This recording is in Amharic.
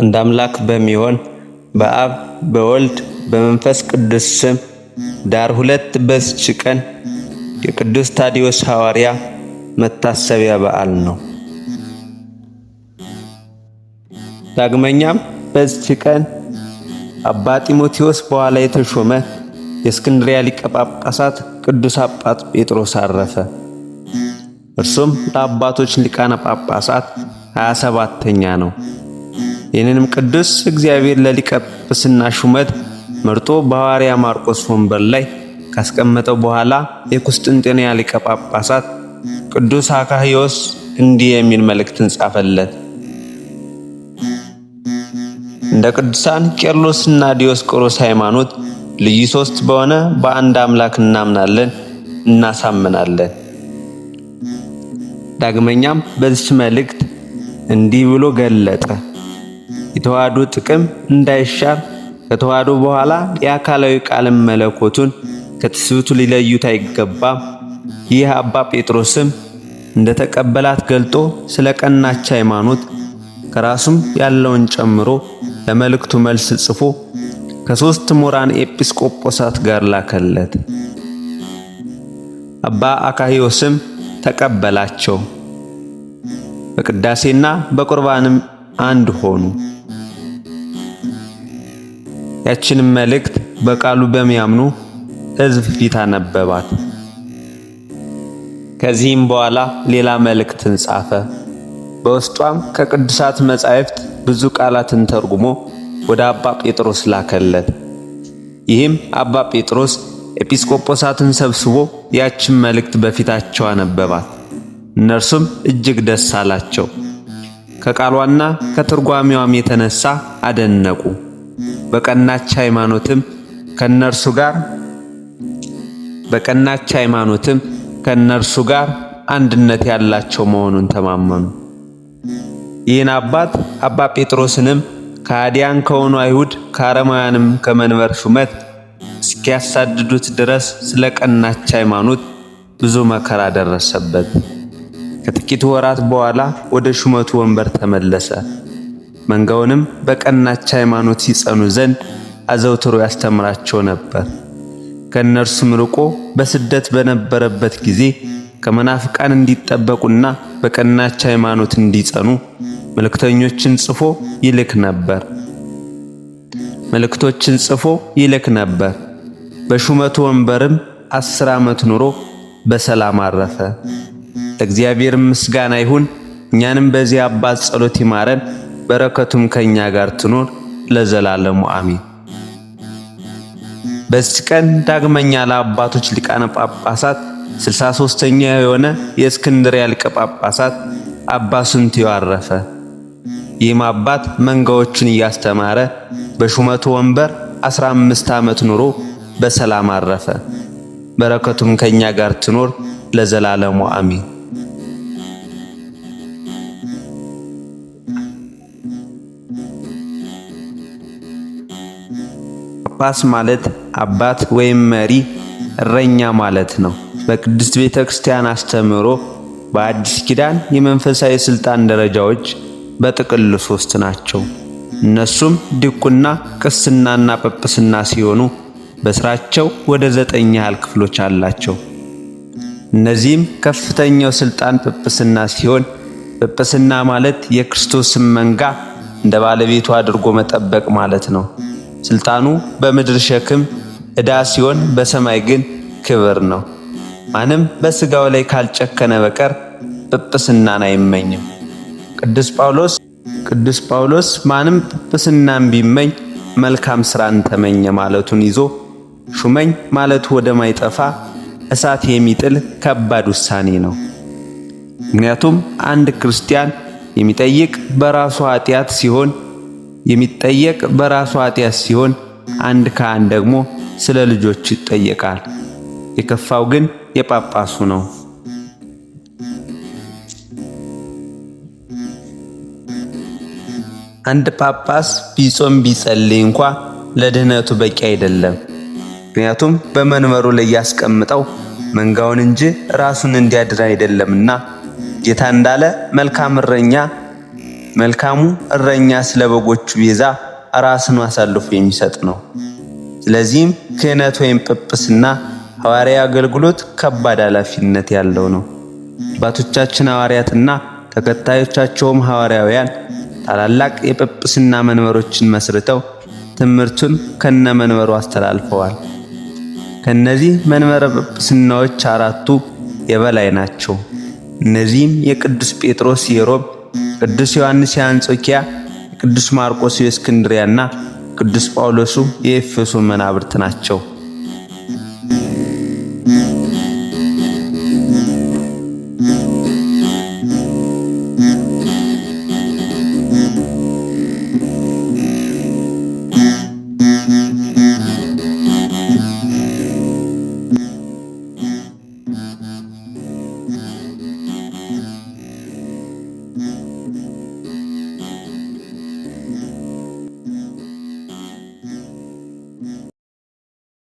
አንድ አምላክ በሚሆን በአብ በወልድ በመንፈስ ቅዱስ ስም ዳር ሁለት በዝች ቀን የቅዱስ ታዲዮስ ሐዋርያ መታሰቢያ በዓል ነው። ዳግመኛም በዝች ቀን አባ ጢሞቴዎስ በኋላ የተሾመ የእስክንድሪያ ሊቀ ጳጳሳት ቅዱስ አባት ጴጥሮስ አረፈ። እርሱም ለአባቶች ሊቃነ ጳጳሳት ሃያ ሰባተኛ ነው። ይህንንም ቅዱስ እግዚአብሔር ለሊቀ ጵጵስና ሹመት መርጦ በሐዋርያ ማርቆስ ወንበር ላይ ካስቀመጠው በኋላ የቁስጥንጥንያ ሊቀ ጳጳሳት ቅዱስ አካህዮስ እንዲህ የሚል መልእክትን ጻፈለት። እንደ ቅዱሳን ቄርሎስና ዲዮስቆሮስ ሃይማኖት ልዩ ሶስት በሆነ በአንድ አምላክ እናምናለን እናሳምናለን። ዳግመኛም በዚች መልእክት እንዲህ ብሎ ገለጠ። የተዋህዶ ጥቅም እንዳይሻር ከተዋህዶ በኋላ የአካላዊ ቃልም መለኮቱን ከትስብእቱ ሊለዩት አይገባም። ይህ አባ ጴጥሮስም እንደ ተቀበላት ገልጦ ስለ ቀናች ሃይማኖት ከራሱም ያለውን ጨምሮ ለመልእክቱ መልስ ጽፎ ከሦስት ምሁራን ኤጲስቆጶሳት ጋር ላከለት። አባ አካሂዮስም ተቀበላቸው። በቅዳሴና በቁርባንም አንድ ሆኑ። ያችንም መልእክት በቃሉ በሚያምኑ ሕዝብ ፊት አነበባት። ከዚህም በኋላ ሌላ መልእክትን ጻፈ። በውስጧም ከቅዱሳት መጻሕፍት ብዙ ቃላትን ተርጉሞ ወደ አባ ጴጥሮስ ላከለት። ይህም አባ ጴጥሮስ ኤጲስቆጶሳትን ሰብስቦ ያችን መልእክት በፊታቸው አነበባት። እነርሱም እጅግ ደስ አላቸው። ከቃሏና ከትርጓሜዋም የተነሳ አደነቁ። በቀናች ሃይማኖትም ከነርሱ ጋር በቀናች ሃይማኖትም ከነርሱ ጋር አንድነት ያላቸው መሆኑን ተማመኑ። ይህን አባት አባ ጴጥሮስንም ከሃዲያን ከሆኑ አይሁድ ከአረማውያንም ከመንበር ሹመት እስኪያሳድዱት ድረስ ስለ ቀናች ሃይማኖት ብዙ መከራ ደረሰበት። ከጥቂት ወራት በኋላ ወደ ሹመቱ ወንበር ተመለሰ። መንጋውንም በቀናች ሃይማኖት ይጸኑ ዘንድ አዘውትሮ ያስተምራቸው ነበር። ከእነርሱም ርቆ በስደት በነበረበት ጊዜ ከመናፍቃን እንዲጠበቁና በቀናች ሃይማኖት እንዲጸኑ መልእክተኞችን ጽፎ ይልክ ነበር መልእክቶችን ጽፎ ይልክ ነበር። በሹመቱ ወንበርም አስር ዓመት ኑሮ በሰላም አረፈ። ለእግዚአብሔር ምስጋና ይሁን። እኛንም በዚህ አባት ጸሎት ይማረን፣ በረከቱም ከኛ ጋር ትኖር ለዘላለሙ አሜን። በዚህ ቀን ዳግመኛ ለአባቶች ሊቃነ ጳጳሳት ስልሳ ሦስተኛ የሆነ የእስክንድርያ ሊቀ ጳጳሳት አባ ሱንትዮ አረፈ። ይህም አባት መንጋዎችን እያስተማረ በሹመቱ ወንበር አስራ አምስት ዓመት ኑሮ በሰላም አረፈ። በረከቱም ከኛ ጋር ትኖር ለዘላለሙ አሚን። ጳጳስ ማለት አባት ወይም መሪ፣ እረኛ ማለት ነው። በቅድስት ቤተ ክርስቲያን አስተምህሮ በአዲስ ኪዳን የመንፈሳዊ ሥልጣን ደረጃዎች በጥቅል ሶስት ናቸው። እነሱም ድቁና፣ ቅስናና ጵጵስና ሲሆኑ በስራቸው ወደ ዘጠኝ ያህል ክፍሎች አላቸው። እነዚህም ከፍተኛው ሥልጣን ጵጵስና ሲሆን ጵጵስና ማለት የክርስቶስን መንጋ እንደ ባለቤቱ አድርጎ መጠበቅ ማለት ነው። ስልጣኑ በምድር ሸክም ዕዳ ሲሆን በሰማይ ግን ክብር ነው። ማንም በስጋው ላይ ካልጨከነ በቀር ጵጵስናን አይመኝም። ቅዱስ ጳውሎስ ቅዱስ ጳውሎስ ማንም ጵጵስናን ቢመኝ መልካም ሥራን ተመኘ ማለቱን ይዞ ሹመኝ ማለቱ ወደማይጠፋ እሳት የሚጥል ከባድ ውሳኔ ነው። ምክንያቱም አንድ ክርስቲያን የሚጠይቅ በራሱ ኃጢአት ሲሆን የሚጠየቅ በራሱ ኃጢአት ሲሆን አንድ ካህን ደግሞ ስለ ልጆች ይጠየቃል። የከፋው ግን የጳጳሱ ነው። አንድ ጳጳስ ቢጾም ቢጸልይ እንኳ ለድህነቱ በቂ አይደለም። ምክንያቱም በመንበሩ ላይ ያስቀምጠው መንጋውን እንጂ ራሱን እንዲያድር አይደለምና ጌታ እንዳለ መልካም እረኛ መልካሙ እረኛ ስለ በጎቹ ቤዛ ራስን አሳልፎ የሚሰጥ ነው። ስለዚህም ክህነት ወይም ጵጵስና ሐዋርያዊ አገልግሎት ከባድ ኃላፊነት ያለው ነው። አባቶቻችን ሐዋርያትና ተከታዮቻቸውም ሐዋርያውያን ታላላቅ የጵጵስና መንበሮችን መስርተው ትምህርቱን ከነመንበሩ አስተላልፈዋል። ከነዚህ መንበረ ጵጵስናዎች አራቱ የበላይ ናቸው። እነዚህም የቅዱስ ጴጥሮስ የሮም ቅዱስ ዮሐንስ የአንጾኪያ፣ ቅዱስ ማርቆስ የእስክንድሪያና ቅዱስ ጳውሎሱ የኤፌሶን መናብርት ናቸው።